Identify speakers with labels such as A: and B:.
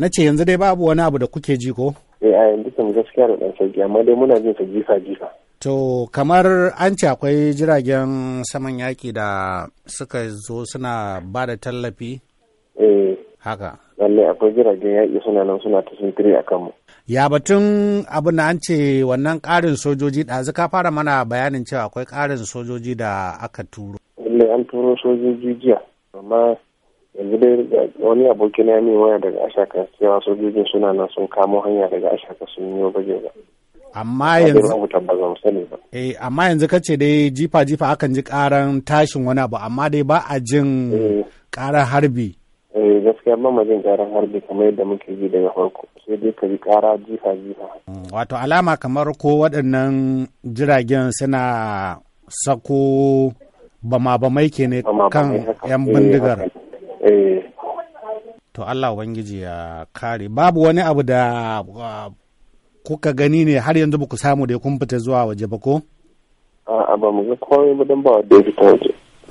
A: na ce yanzu dai babu wani abu da kuke ji ko?
B: Eh a yanzu kan gaskiya da ɗan sauki amma dai muna jin sa jifa jifa.
A: To kamar an ce akwai jiragen saman yaƙi da suka zo suna ba da tallafi? Eh. Haka.
B: Lallai akwai jiragen yaƙi suna nan suna ta sintiri a kanmu.
A: Ya batun abin da an ce wannan ƙarin sojoji ɗazu ka fara mana bayanin cewa akwai ƙarin sojoji da aka turo. Lallai an
B: turo sojoji jiya yanzu dai wani abokin ya mai waya daga ashaka cewa sojojin suna nan sun kamo hanya daga ashaka sun yi baje ba amma yanzu
A: eh amma yanzu kace dai jifa jifa akan ji karan tashin wani abu amma dai ba a jin karan eh. harbi
B: eh gaskiya ba ma jin karan harbi kamar yadda muke ji daga farko sai dai ka ji kara jifa jifa mm,
A: wato alama kamar ko waɗannan jiragen suna sako bama bamai ke ne kan yan eh, bindigar Eh. To Allah Ubangiji ya kare babu wani abu da uh, kuka gani ne har yanzu ba ku samu da kun fita zuwa waje ba ko?
B: A'a ba mu ga komai ba don ba wa waje.